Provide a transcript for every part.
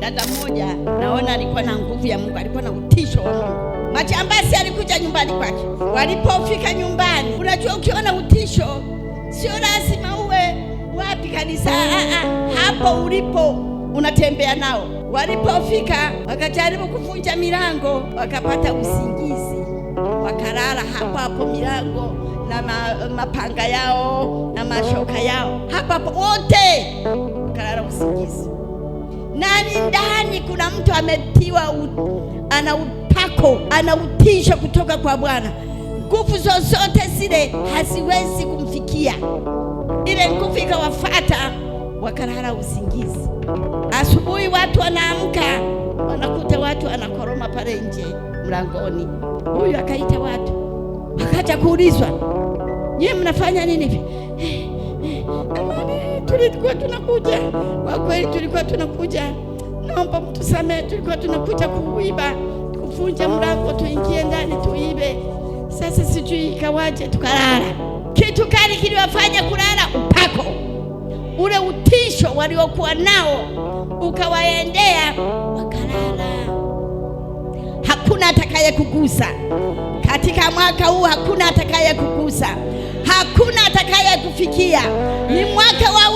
Dada mmoja naona alikuwa na nguvu ya Mungu, alikuwa na utisho wa Mungu. Majambazi alikuja nyumbani kwake. Walipofika nyumbani, unajua ukiona utisho sio lazima uwe wapi kanisa, ah, ah, ah. hapo ulipo unatembea nao. Walipofika wakajaribu kuvunja milango, wakapata usingizi, wakalala hapo hapo milango na ma, mapanga yao na mashoka yao hapo hapo wote wakalala usingizi nani ndani kuna mtu ametiwa ana upako, ana utisho kutoka kwa Bwana. Nguvu zozote zile haziwezi kumfikia ile nguvu, ikawafata wakalala usingizi. Asubuhi watu wanaamka, wanakuta watu wanakoroma pale nje mlangoni. Huyu akaita watu, wakaja kuulizwa, nyie mnafanya nini hivi? Eh, eh, tulikuwa tunakuja kwa kweli, tulikuwa tunakuja, naomba mtusamehe, tulikuwa tunakuja kuiba, kuvunja mlango tuingie ndani tuibe. Sasa sijui ikawaje, tukalala. Kitu kali kiliwafanya kulala, upako ule, utisho waliokuwa nao ukawaendea, wakalala. Hakuna atakaye kugusa katika mwaka huu, hakuna atakaye kugusa, hakuna atakaye kufikia. Ni mwaka wa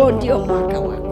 huo ndio mwaka